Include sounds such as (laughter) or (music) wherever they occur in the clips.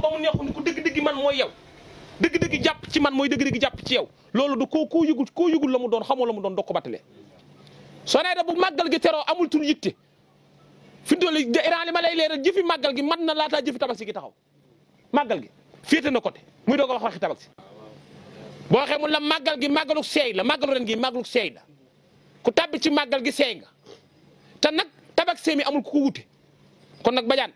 ko dëgg-dëgg man mooy yow dëgg-dëgg jàpp ci man mooy dëgg-dëgg jàpp ci yow loolu du koo koo yëgul la mu doon xamoo la mu doon doo ko battalee Sonaida bu màggal gi teroo amul tur yitte fi mu toll Iran li ma lay jëfi màggal gi man na laataa jëfi tabaski gi taxaw màggal gi féete na côté muy doog a wax waxi tabaski boo waxee mun la màggal gi màggalu seey la màggalu ren gi màggalu seey la ku tàbbi ci màggal gi seey nga te nag tabaski mi amul ku ko wute kon nag bajaan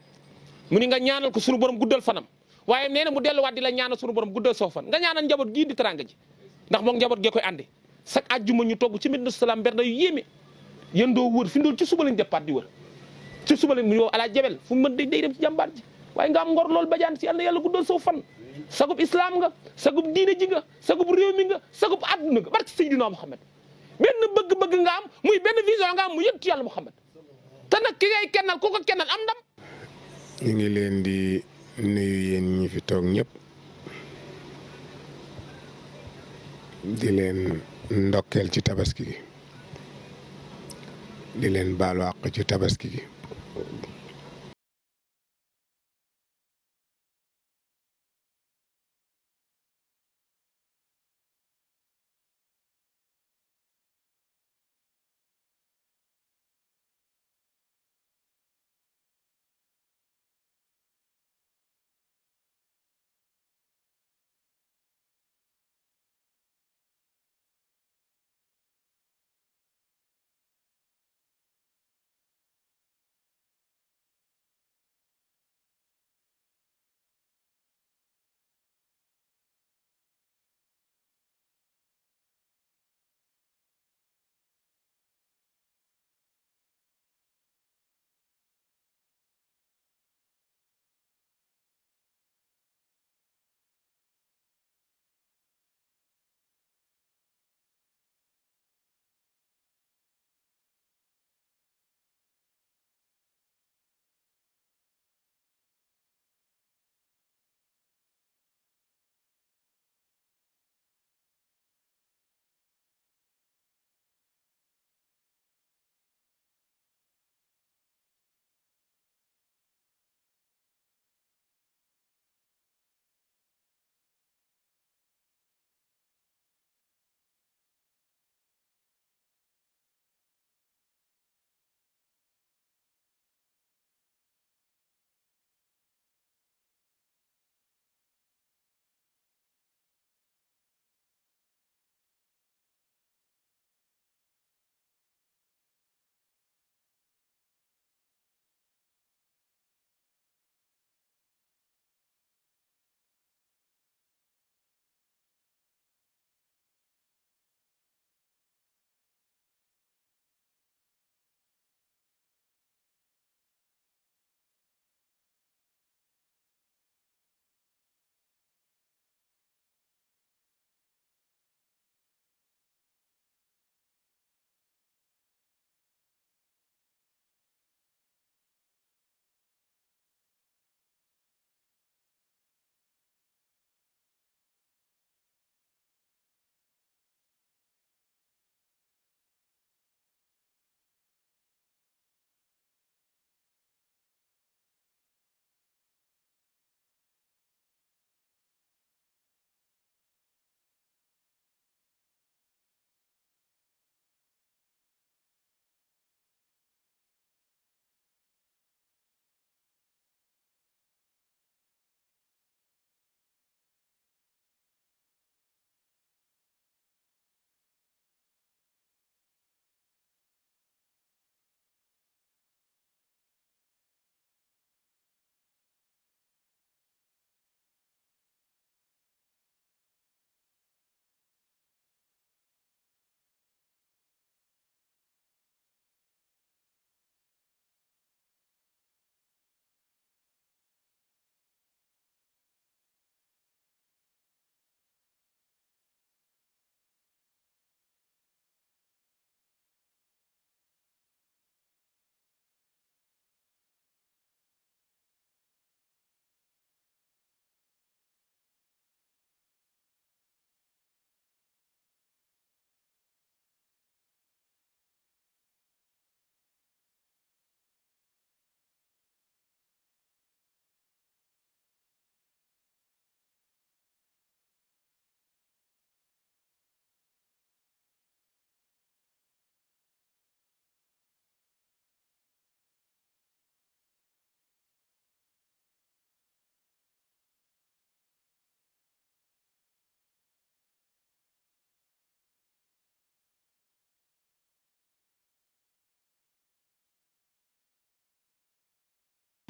muni nga ñaanal ko suñu borom guddal fanam waye neena na mu delluwaat di la ñaanal suñu borom guddal soo fan nga ñaanal njabot gi di teranga ji ndax moom njabot ge koy àndi sax àjjuma ñu togg ci Medina Salaam berna yu yéeme yendo doo wër fi ndul ci suba lañu depart di wër ci suba lañu yo ala fu mu mën day dem ci jambar ji waye nga am ngor lool bajaan ci yalla yalla guddal soo fan sagub islam nga sagub diine ji nga sagub rew mi nga sagub aduna nga barke sayyidina Muhammad benn bëgg-bëgg nga am muy benn vision nga am mu yëttu yalla Muhammad te nag ki ngay kenal ku ko am ndam ñu ngi leen di nuyu yéen ñi fi toog ñëpp di leen ndokkeel ci tabaski gi di leen baalu àq ci tabaski gi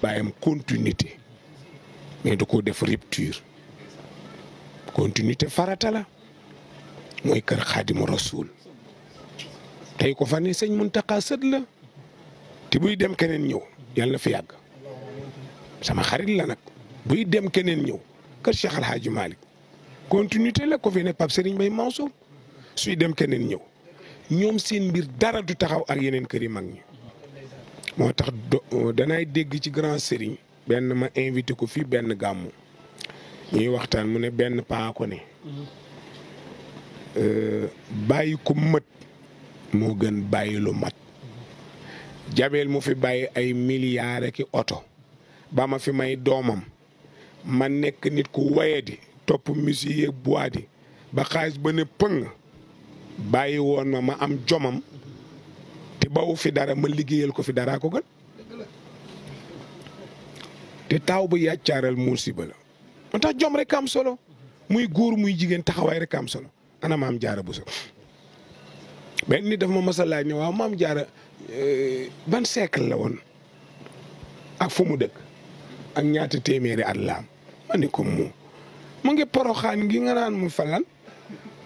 bàyyam continuité mais da koo def rupture continuité farata la mooy kër xaadimu rasul tey ko fa ne sëñ Muntaxa sët la te buy dem keneen ñëw yàlla na fi yàgg sama xarit la nag buy dem keneen ñëw kër Cheikh Al Hadj Malick continuité la ko fi ne Pape Serigne Mbaye Mansour suy dem keneen ñëw ñoom seen mbir dara du taxaw ak yeneen kër yi mag ñi moo tax euh, danaay dégg ci grand sëriñ benn ma invité ko fii benn gàmmu ñuy waxtaan mu ne benn paa ko ne euh, bàyyi ku mët moo gën bàyyi lu mat jabeel mu fi bàyyi ay milliards ak oto ba ma fi may doomam ma nekk nit ku wayadi topp musique bois di ba xaalis ba ne pëng bàyyi woon ma ma am jomam te bawu fi dara ma liggéeyal ko fi daraa ko gën te taaw ba yàccaaral musiba la moo tax jom rek am solo muy góor muy jigéen taxawaay rek am solo ana maam jaara bu so benn ni daf ma mas a laaj ne waaw maam jaara eh, ban siècle la woon ak fu mu dëkk ak ñaata téeméeri at laam ma ne ko mu mu ngi poroxaan gi nga naan mu falan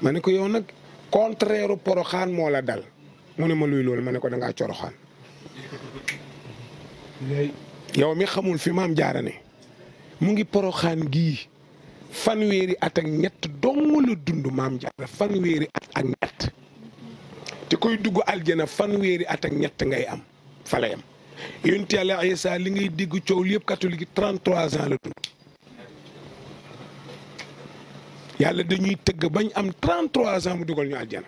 ma ne ko yow nag contraire poroxaan moo la dal mu ne ma luy loolu ma ne ko da ngaa coroxaan yow mi xamul fi maam jaara ne mu ngi poroxaan gii fanweeri at ak ñett dong la dund maam jaara fanweeri at ak ñett te koy dugg at ak ñett ngay am fa la yam yonent Isaa li ngay dégg coow yépp yëpp catholique yi 33 ans la dund yàlla dañuy tëgg bañ am 33 ans mu dugal ñu aljana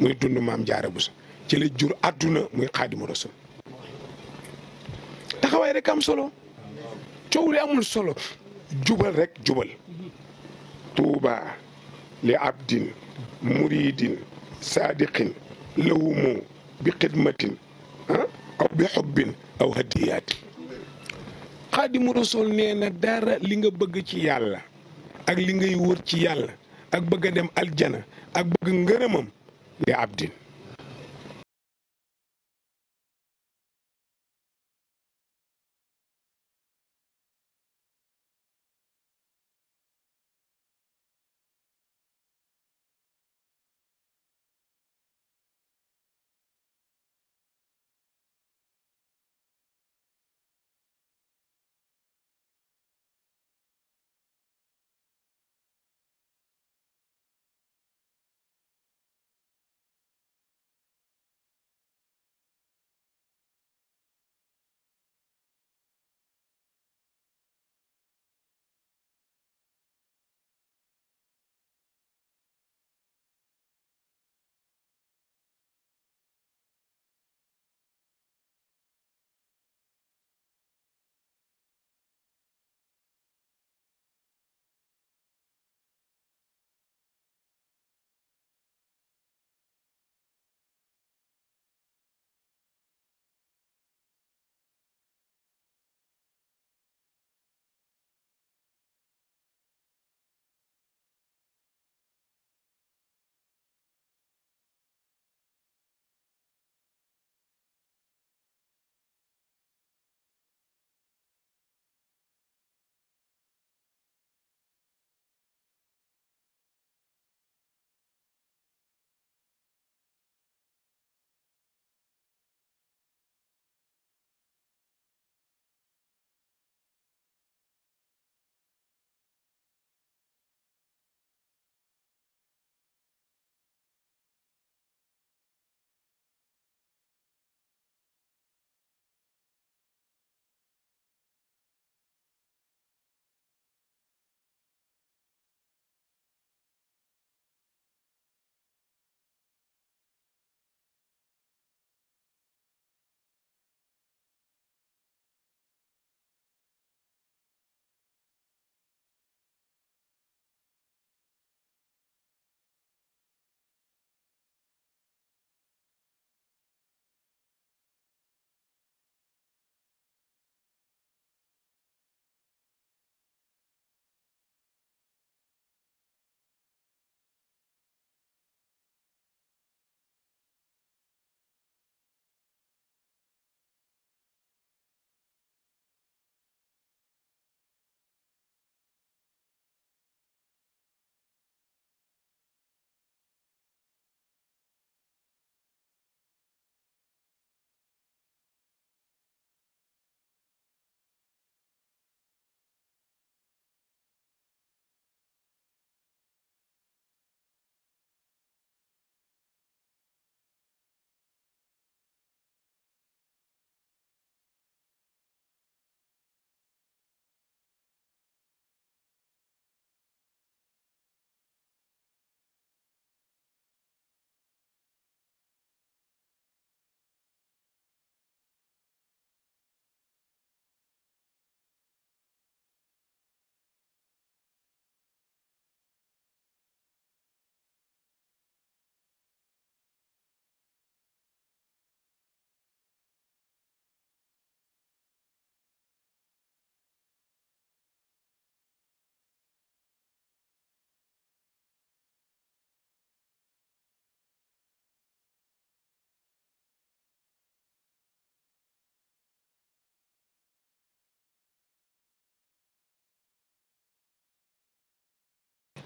muy dund maam jaara buso ci la jur àdduna muy xaadimu rasul taxawaay rekk am solo coow li amul solo jubal rekk jubal tuuba li abdin muridin saadiqin lawumu bi xidmatin ah, aw bi xubbin aw hadiyaati xaadimu rasul nee na dara li nga bëgg ci yàlla ak li ngay wër ci yàlla ak bëgg dem aljana ak bëgg ngërëmam the Abdin.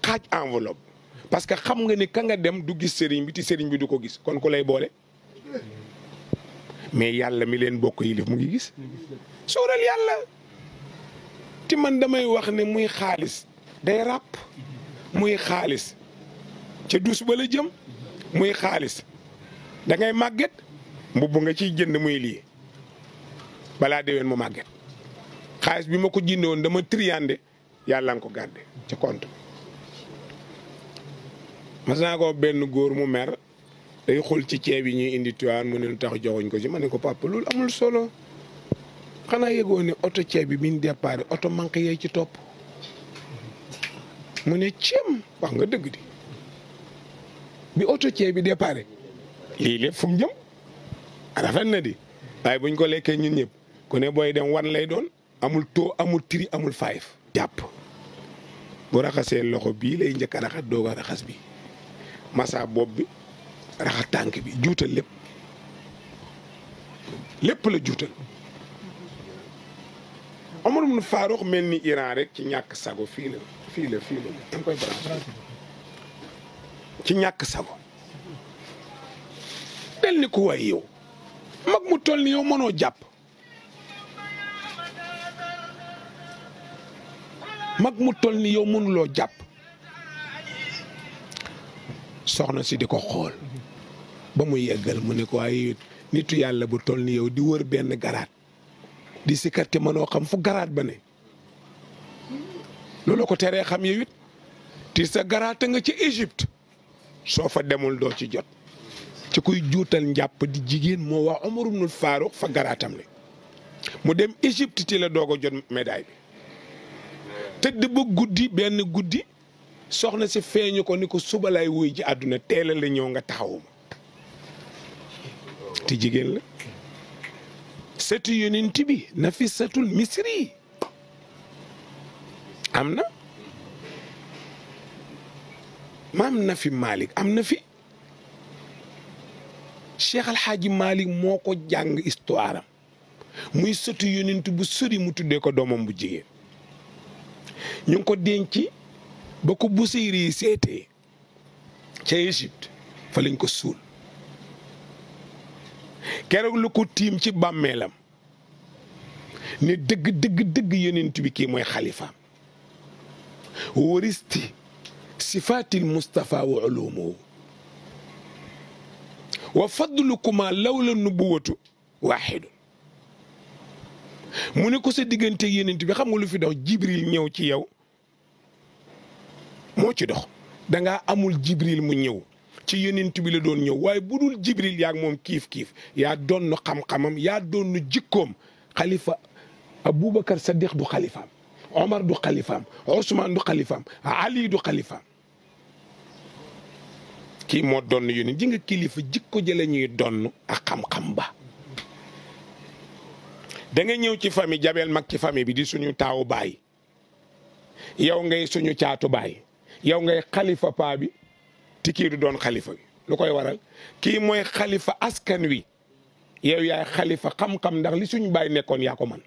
xaaj enveloppe parce que xam nga ni kanga dem du gis sëriñ bi ti sëriñ bi du ko gis kon ko lay boole mais yàlla mi leen bokk yilif mu ngi gis sóoral yàlla ti man damay wax ne muy xaalis day ràpp muy xaalis ca dus ba la jëm muy xaalis da ngay màgget mbubb nga ci jënd muy lii balaa déwén mu màgget xaalis bi ma ko jëndoon dama triyande yàlla nga ko gardé ci mas ko benn góor mu mer day xool ci ceeb yi ñuy indi Tiwaawan mu ne lu tax joxuñ ko ci ma ne ko papa loolu amul solo xanaa yëgoo oto ceeb bi bi ñu oto manqué yee ci topp mu ne ceeb wax nga dëgg di bi oto ceeb bi départ lii lépp fu mu jëm rafet na di waaye buñ ko lekkee ñu ñëpp ku ne booy dem wan lay doon amul taux amul tri amul fayf jàpp bu raxasee loxo bii lay njëkk a raxas doog raxas bi massa bopp bi tànk bi juutal lépp lépp la juutal Omar ibn Farouk mel ni Iran rekk ci ñàkk sago fii la fii la ci ñàkk sago del ni ku waay yow mag mu toll ni yow mënoo jàpp mag mu tol ni yow mënuloo jàpp soxna si di ko xool ba mu yeggal mu ne ko waaye nitu yàlla bu toll yow di wër benn garaat di sikkat te xam fu garaat ba ne loolu ko teree xam yow it ti sa garaata nga ci Égypte soo fa demul doo ci jot ci kuy juutal njàpp di jigéen moo wax Omar ibn Farouk fa garaatam ne mu dem Égypte ti la doog a jot médaille bi tëdd ba guddi benn guddi soxna si feeñu ko ni ko suba lay wuy ji àdduna teela la ñëw nga taxawuma ti jigéen la sëtu yonent bi Nafisatul Misri am na maam na fi Malick am na fi Cheikh Al moo ko jàng histoire muy sëtu yonent bu sori mu tuddee ko doomam bu jigéen ñu ko denc ba ko busiir yi seetee ca Égypte fa ko suul keroog lu ko tiim ci bàmmeelam ne dëgg dëgg dëgg yonent bi kii mooy xalifaam waristi sifaatil Mustafa wa ulumuhu wa fadlukuma lawla nubuwatu waaxidu mu ne ko sa diggante yonent bi xam nga lu fi dox Jibril ñëw ci yow moo ci dox danga amul jibril mu ñëw ci yonent bi la doon ñëw waaye bu dul jibril moom kiif kiif yaa doon xam-xamam yaa doon jikkoom xalifa Aboubacar Saddiq du xalifaam Omar du xalifaam Ousmane du xalifaam Ali du xalifaam kii moo doon yónni ji nga kilifa jikko ji la ñuy donn ak xam-xam ba da nga ñëw ci famille jabeel mag ci famille bi di suñu taawu baay yow ngay suñu caatu baay yow ngay xalifa paa bi ti kii du doon xalifa bi lu koy waral kii mooy xalifa askan wi yow yaay xalifa xam-xam ndax li suñu baay nekkoon yaa ko man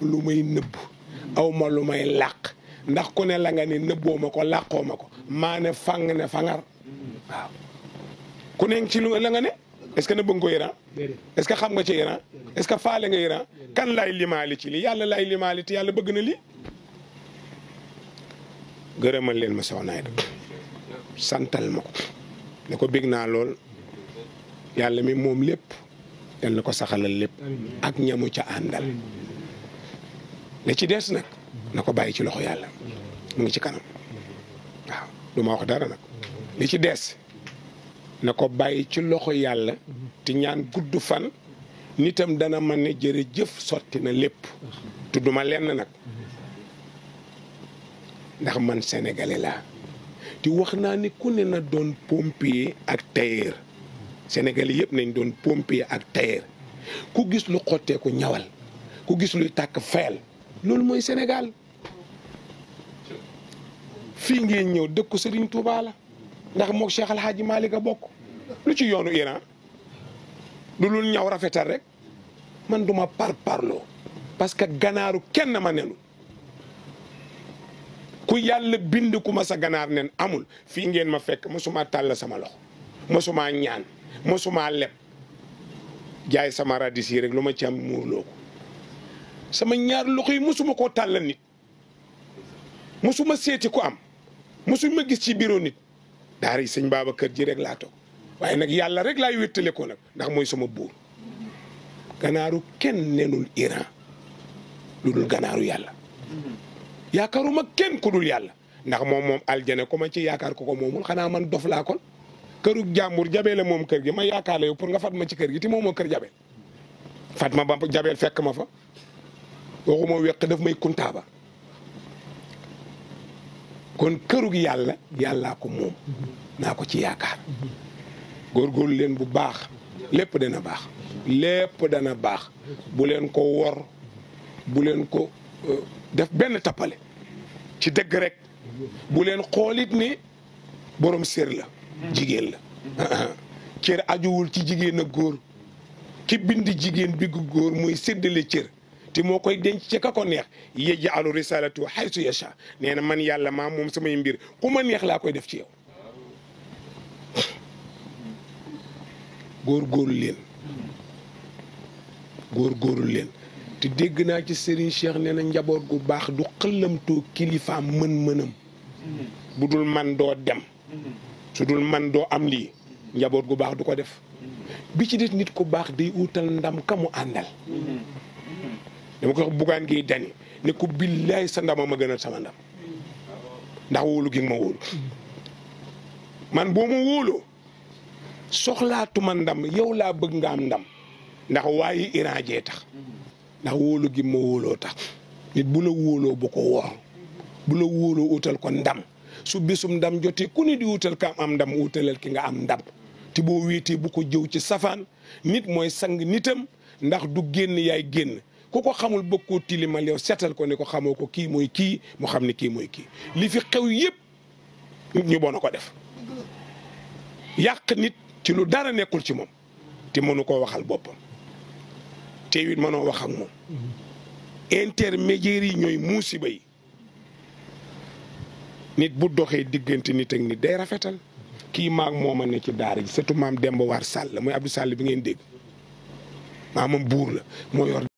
lu may nëbb aw ma lu may làq ndax ku ne la nga ne nëbboo ma ko làqoo ma ko maa ne fang ne fangar ku ne ci lu la nga ne est-ce que nëbb nga ko Iran est-ce que xam nga ci Iran est-ce que faale nga Iran kan laay limaali ci li yàlla laay limaali te yàlla bëgg na li gërëmal leen ma soxna Aida santal ma ko ne ko bég naa lool yàlla mi moom lépp yal na ko saxalal lépp ak ñamu ca àndal li ci des nak na ko bàyyi ci loxo yàlla mu ngi ci kanam waaw du wax dara ci des na ko ci loxo yàlla ñaan fan nitam dana man ne jërëjëf sotti na lépp tudduma lenn Nak ndax man sénégalais laa te wax ni ku ne na doon pompier ak tailleur sénégalais yëpp nañ doon pompier ak tailleur ku gis lu ñawal ku gis fayal loolu mooy senegal fii ngeen ñëw dëkku Serigne Touba la ndax moog Cheikh Al Hadji Malick a bokk lu ci yoonu Iran du lu ñaw rafetal rek man duma parparloo parce que ganaaru kenn ma nenu ku yàlla bind ku ma sa ganaar nen amul fii ngeen ma fekk mosuma tàll sama loxo mosuma ñaan mosuma leb jaay sama radis rek lu ma ci am muurloo ko sama ñaar loxo yi mosuma koo tàlla nit mosuma seeti ko am mosuma gis ci bureau nit daara yi sëñ kër ji rek laa toog waaye nag yàlla rek laay wéttale ko nag ndax mooy sama buur ganaaru kenn nenul lu dul ganaaru yàlla yaakaaruma kenn ku yàlla ndax moom moom aljana ko ma ci yaakaar ko ko moomul xanaa man dof laa kon këru jàmbur jabeel moom kër gi ma yaakaar la pour nga fat ma ci kër gi te moom kër jabeel fat ma ba jabeel fekk ma fa waxuma weq daf may kuntaaba kon kërug yàlla yàllaa ko moom naa ko ci yaakaar góorgóorlu leen bu baax lépp dana baax lépp dana baax bu leen ko wor bu leen ko euh, def benn tappale ci dëgg rek bu leen xoolit ni borom sér la jigéen la (laughs) cër ajuwul ci jigéen góor ki bind jigéen bi góor muy séddale cër ti moo koy denc ci ka ko neex yaj'alu risalatu haythu yasha nee na man yàlla maa moom samay mbir ku ma neex laa koy def ci yow góorgóorlu leen góor góorgóorlu leen te dégg naa ci Serigne Cheikh neena njaboot gu baax du xëlamtoo kilifaam mën-mënam bu dul man doo dem su dul man doo am lii njaboot gu baax du ko def bi ci des nit ku baax day uutal ndam ka mu àndal dama ko bugaan gi dani ne ko billaay sa ndama a gënal sama ndam ndax wóolu gi ma wóolu man boo ma wóoloo soxlaatuma ndam yow laa bëgg nga am ndam ndax waaye Iran jee tax ndax wóolu gi ma wóoloo tax nit bula la wóoloo bu ko wor bu la wóoloo utal ko ndam su bisum ndam jotee ku ne di utal ka am ndam utalal ki nga am ndam te boo wéetee bu ko jëw ci safaan nit mooy sang nitam ndax du génn yaay génn ku ko xamul bëgg koo tilimal yow seetal ko ni ko xamoo ko kii mooy kii moo xam ni kii mooy kii li fi xew yépp ñu bon a ko def yàq nit ci lu dara nekkul ci moom te mënu koo waxal boppam te it mënoo wax ak moom intermédiaire yi ñooy muusiba yi nit bu doxee diggante nit ak nit day rafetal kii maag mooma ne ci daara ji surtout maam Demba War sàll mooy Abdou Sall bi ngeen dégg maamam buur la moo yor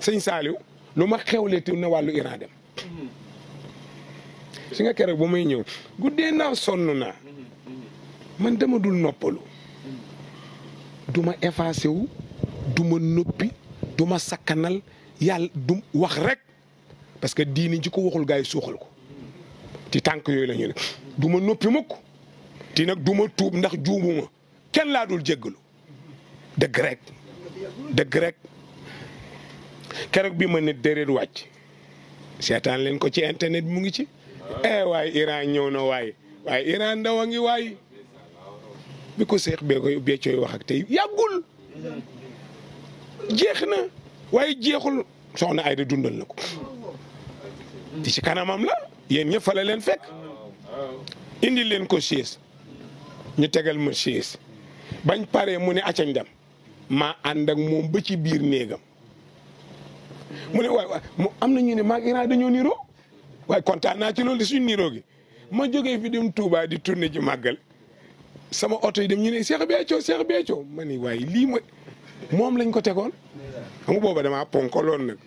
sëñ Saaliw lu ma xewlee te na wàllu Iran dem si nga keroog bu may ñëw guddee naa sonn naa man dama dul noppalu du ma effacé wu du ma noppi du ma sakkanal yàlla du wax rek parce que diini ji waxul gars yi suuxal ko ci tànk yooyu la ñu ne du ma noppi mukk ti nag du tuub ndax juumuma kenn laa dul jéggalu dëgg rek dëgg rek keroog bi ma ne déréet wàcc seetaan leen ko ci internet mu ngi ci. eh waaye Iran ñëw na waaye waaye Iran ndaw a ngi waaye bi ko seex bee koy bee cooy wax tey yàggul jeex na waaye jeexul soxna Ayda dundal na ko di ci kanamam la yéen ñëpp fa la leen fekk indi leen ko siis ñu tegal ma siis bañ paree mu ne acañ dem maa ànd moom ba ci biir néegam mu ne waay waay mu am na ñu ne maag dañoo niroo waaye kontaan naa ci loolu di suñu niroo gi ma jógee fi dem Touba di tourné ji màggal sama oto yi dem ñu ne Cheikh Béthio Cheikh Béthio ma ne waaye lii ma moom lañ ko tegoon xam nga booba damaa ponkoloon nag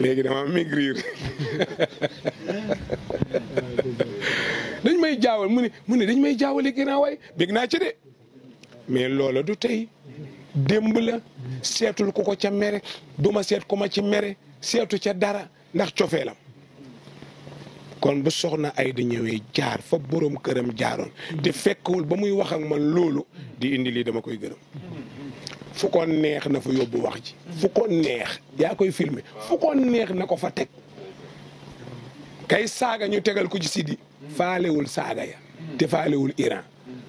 léegi damaa maigrir (laughs) dañ may jaawal mu ne mu ne dañ may jaawale ginnaaw waay naa ci de mais loola du tey démb la seetul ku ko ca mere du ma seet ko ma ci mere seetu ca dara ndax cofeelam kon bu soxna ay di ñëwee jaar fa borom këram jaaroon te fekkul ba muy wax ak man loolu di indi lii dama koy gërëm fu ko neex na fa yóbbu wax ji fu ko neex yaa koy filmer fu ko neex na ko fa teg kay saaga ñu tegal ko ci sidi faalewul saaga ya te faalewul Iran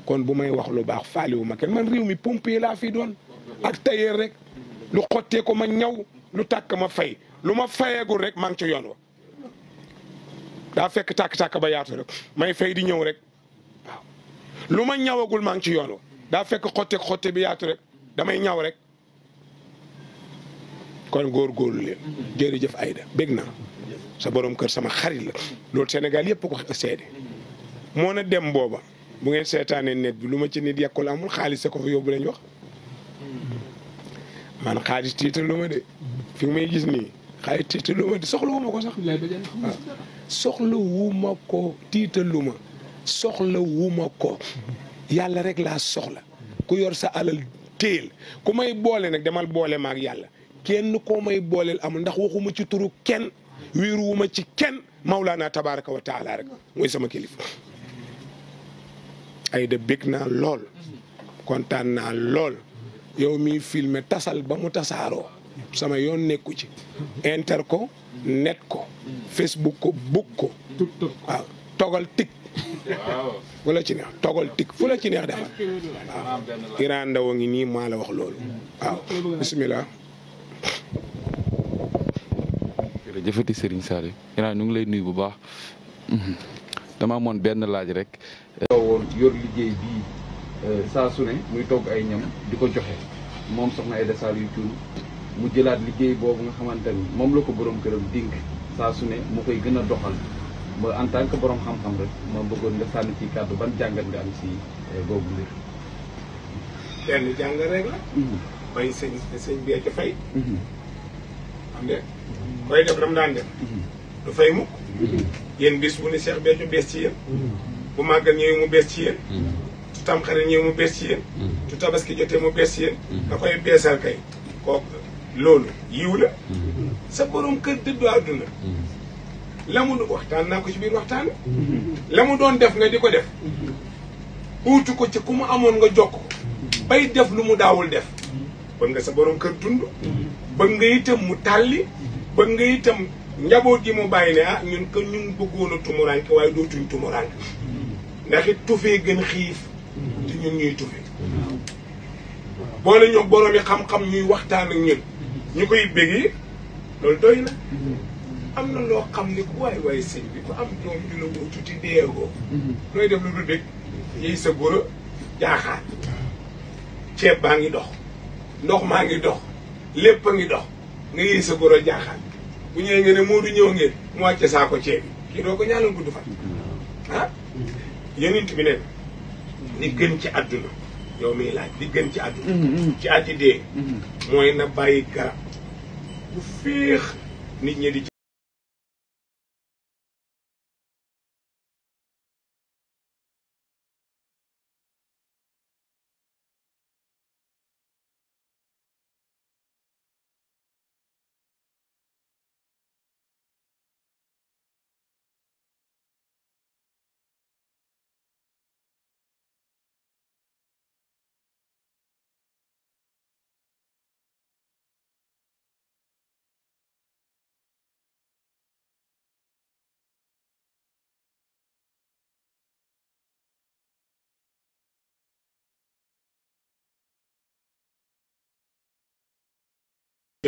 kon bu may wax lu baax faalewu ma kenn man réew mi pompier laa fi doon ak tailleur rek lu xottee ko ma ñaw lu tàkk ma fay lu ma fayeegul rek maa ngi ci yoon wa daa fekk tàkk-tàkk ba yaatu rek may fay di ñëw rek lu ma ñawagul maa ngi ci yoon wa daa fekk xotte xotte bi yaatu rek damay ñaw rek kon góor leen jërëjëf Aida bég naa sa borom kër sama xarit la loolu senegal yëpp ko seede moo na dem booba bu ngeen seetaanee net bi lu ma ci nit yàqu la amul xaalis sa ko fa yóbbu lañ wax man xaalis tiitalu ma de gis nii xaalis de soxlawu ma ko sax. waaw soxlawu ma ko tiitalu ma soxlawu ma ko rek laa soxla ku yor sa alal téel ku may boole nag demal boole maag yàlla kenn koo may booleel amul ndax waxuma ci turu kenn wéeruwuma ci kenn Maulana tabaraka wa taala rek mooy sama kilifa. Aïda bég naa lool kontaan naa lool. yow mi filmer tasal ba mu tasaaroo sama yoon nekku ci inter ko net ko facebook ko book ko waaw togal fu la ci neex togal tik ci neex defal waaw ah, Iran Ndao ngi nii maa wax loolu waaw bismillah jëfati Serigne Saliou Iran ñu ngi lay nuyu bu baax dama benn laaj rek woon yor sasune muy tok ay ñam di joxe mom soxna dessal yu Thioune mu jëlat liggey bobu nga xamante mom lako borom kërëm dink saa mu koy gëna doxal ba en tant que borom xam-xam rek ma bëggoon nga sànni ci kàddu ban jàngat nga am si gogu eh, mbir. ben jàngat rek la. bay mhm. señ señ bi ca fay. xam mhm. nga koy def lam daan def. Mhm. du fay mu yeen bis bu ni Cheikh Béthio bes ci yeen bu magal mu bes ci yeen tamxarit ñëw mu bees ci yéen mm-hmm. tabaski jotee mu bees ci yéen da mm-hmm. koy beesal kay kooku loolu yiw la mm-hmm. sa borom kër dëddu àdduna la mu waxtaan naa ko ci biir waxtaan la mu doon def nga di ko def uutu ko ci ku mu amoon nga jokk ko bay def lu mu daawul def bëgg nga sa borom kër tund bëgg nga itam mu tàlli bëgg nga itam njaboot gi mu bàyyi ne ah ñun que ñun bëggoon a tumuraanke waaye dootuñ tumuraanke ndax tufee gën xiif ñun ñuy tufe boole ñoom borom yi xam-xam ñuy waxtaan ak ñun ñu koy béggee loolu doy na am na loo xam ni ku waay waay sëñ bi ku am doom ju la woo tuuti deegoo looy def lu du dëkk yéy sa góor a ceeb baa ngi dox ndox maa ngi dox lépp a ngi dox nga yéy sa góor a bu ñëwee nga ne moo du ñëw ngeen mu wàcce saako ceeb bi kii doo ko ñaanal gudd fan ah yonent bi ne li gën ci àdduna yow miy laaj li gën ci àdduna mm-hmm, mm-hmm. ci aji dee mm-hmm. mooy na bàyyi garab bu féex nit ñi di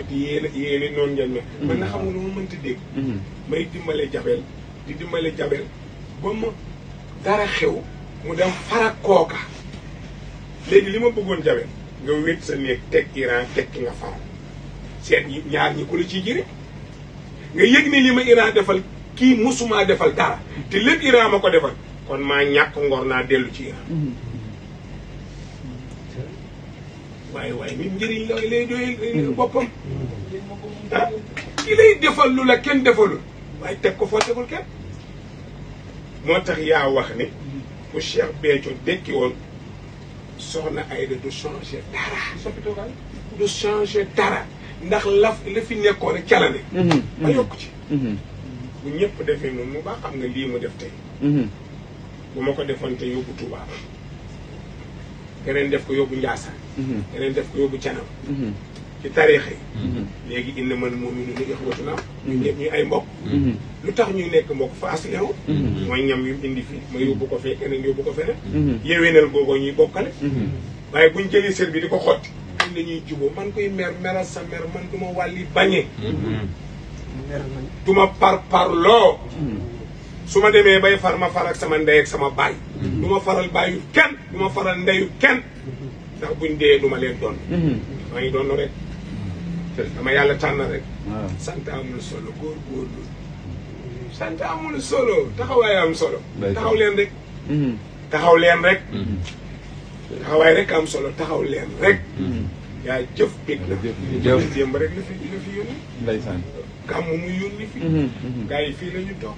te yéen yéen noonu ngeen mel. Mm-hmm. man na xamul lu ma mënta dégg. Mm-hmm. may dimbale jabel di dimbale jabel ba mu dara xew mu dem farak kooka léegi li ma bëggoon jabel nga wét sa néeg teg Iran teg ki nga faral seet ñaar ñi ku la ciy jëriñ nga yëg ne li ma Iran defal kii mosumaa defal dara te lépp Iran ma ko defal kon maa ñàkk ngor naa dellu ci Iran. Mm-hmm. waaye waaye nit njëriñ la lay doyal boppam ah ki lay defal lu la kenn defalul waaye teg ko foo tegul kenn moo tax yaa wax ne bu Cheikh Béthio dekki woon soxna Aïda du changer dara soppitoogal du changer dara ndax laf la fi nekkoon a calane mhm. mhm. ba yokk ci mhm. bu ñëpp defee noonu mu baa xam nga lii mu def tey bu ma ko defoon te yóbbu Tuubaa keneen def ko yóbbu Njaasaan mhm. keneen def ko yóbbu canam mhm. ci tariixa yi mhm. léegi indi mën moom yi nu ñu ixwatuna ñun ñu ay mbokk lu tax ñu nekk mbokk fa aslewu mooy ñam yu indi fii ma yóbbu ko fee keneen yóbbu ko feneen yéwénal googoo ñuy bokkale waaye buñ jëlee sër bi di ko xotti am ñuy juboo man koy mer meral sa mer man du ma wàlli bañee du ma par parloo su ma demee bay far ma far ak sama ndey ak sama baay du ma faral bàyyu kenn du ma faral ndeyu kenn ndax buñ dee du ma leen doon mhm. maa ngi doon rek dama yàlla tànn rek sant amul solo góor góorlu sant amul solo taxawaay am solo taxaw leen rek mhm. taxaw leen rek mhm. taxawaay rek am solo taxaw leen rek yaa jëf bég na jëf jéem rek la fi la fi yónni ndeysaan gàmm mu yónni fi gars fii la toog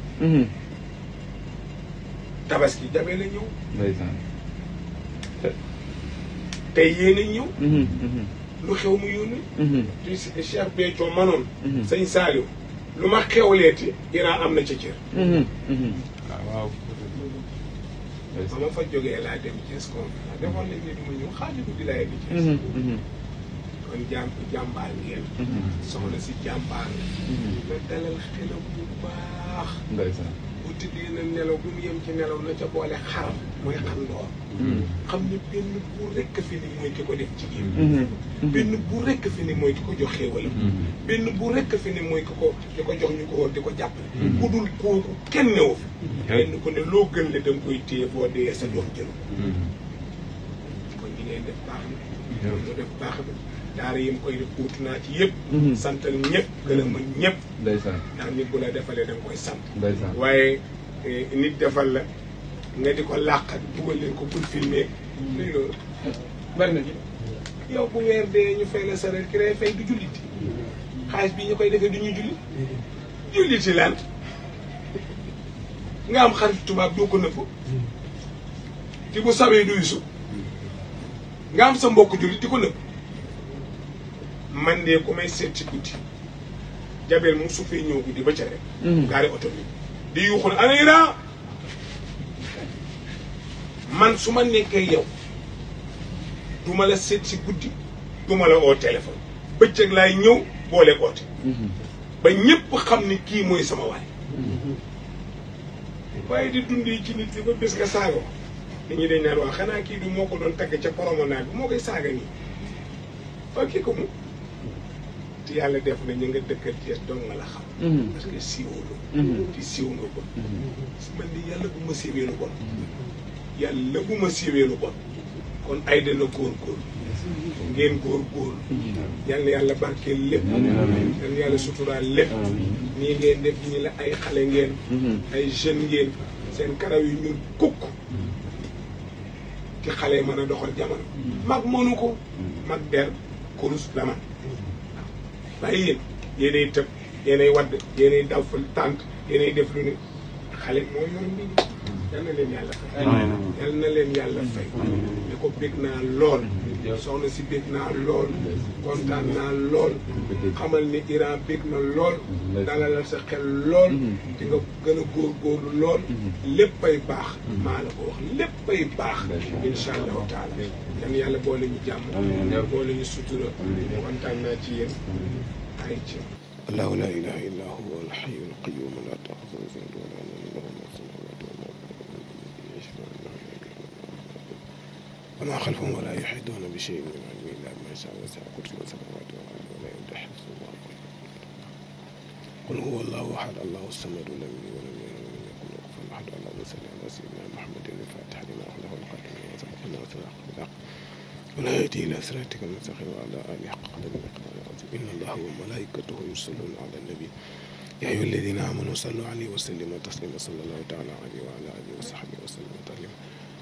tabaski demee na ñëw. ndeysaan. tey yéen a ñëw. Mhm, mhm. lu xew mu yónni. ci mhm. Cheikh Béthio manoon. sëñ Saliou lu ma xewleeti Iran am na ca cër. Ah, waaw waaw. ba ma fa jógee laa dem Thiès kon ah, defoon nañ ne du ma ñëw xaajatu di Thiès. kon jàmm jàmbaar ngeen. soxna si la. ñu dalal xelam bu baax. ndeysaan. bu tëddee na nelaw bu mu ci nelaw na ca boole xaram hmm. mooy xam ne benn buur rekk fi ni mooy ki ko def jigéen benn buur rek fi ni mooy ki ko jox xéewalam hmm. benn buur rekk fi ni mooy ki ko hmm. ko jox ñu ko woon di ko jàppale ku dul kooku kenn newu fi kenn ku ne loo gën le danga koy téye boo dee sa jox jël ko kon ñu ne def baax na ñu def baax na daara yi mu koy def naa ci yëpp. Mhm. santal ñëpp gërëmal ñëpp. ndeysaan ndax nit bu la defalee da nga koy sant. ndeysaan waaye eh, nit defal la nga di ko làq dugal leen ko pour filmer. Mhm. léegi loolu bari na ci. yow bu weer dee ñu fay la sareet ki lay fay du jullit mhm. xaalis bi ñu koy defee du ñuy jullit jullit si lan nga am xarit tubaab doo ko nëbb ti bu sawee du yusu nga am sa mbokk jullit di ko nëbb man de ku may seet ci guddi jabel mu su fee guddi ba ca rek mhm. gaari oto bi di yuuxul ana Ira man su ma nekkee yow du ma la seet ci guddi du ma la oo téléphone bëccëg laay ñëw boole oote mhm. ba ñépp xam ni kii mooy sama waay mhm. waaye di dundee ci nit bi ba bés nga saaga nit ñi dañ naan waa xanaa kii du moo ko doon tagg ca coromona bi moo koy saaga nii waa kii ko mu yàlla def na ñu nga dëkkal Thiès dong nga la xam. Mm-hmm. parce que siiw nga. Mm-hmm. te siiw nga bon. Mm-hmm. man de yàlla bu ma siiwee yàlla bu ma siiwee lu bon. kon ay dana góorgóorlu. ngeen góor yal na yàlla barkeel lépp. yal na yàlla suturaal lépp. nii ngeen def ñi la ay xale ngeen. ay jeunes ngeen. seen karaw yu ñuul kukk. ci xale mën a doxal jamono. mag mënu ko. mag der kurus la man bàyyi yéen yéenay tëb yéenay wadd yéenay dal fa tànt yéenay def lu ne xale moo yor mbir mi yal na leen yàlla fay yal na leen yàlla fay ne ko bég naa lool soxna si bég naa lool kontaan naa lool xamal ni Iran bég na lool dalalal sa xel lool di nga gën a góorgóorlu lool léppay baax maa la ko wax léppay baax incha allahu taala yan yàlla boole ñu jàmm yàlla boole ñu sutura kontaan naa ci yéen ay ci allahu la ilaha illa huwa alxayu alqayum la taxuzu وما خلفهم ولا يحيطون بشيء من علمه إلا بما شاء وسع كرسي السماوات والأرض ولا يؤد حفظه قل هو الله أحد الله الصمد لم يلد ولم يولد ولم يكن له كفوا أحد اللهم صل على سيدنا محمد الفاتح لما أغلق والخاتم لما سبق الناس بالحق ولا يأتي إلى صراطك المستقيم وعلى آله حق قدر مقدار إن الله وملائكته يصلون على النبي يا أيها الذين آمنوا صلوا عليه وسلموا تسليما صلى الله تعالى عليه وعلى آله وصحبه وسلم تسليما